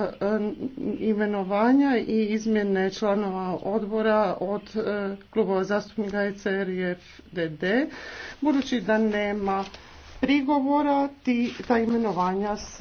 E, e, imenovanja i izmjene članova odbora od e, klubova zastupnika ECR i FDD. Budući da nema prigovora, ta imenovanja se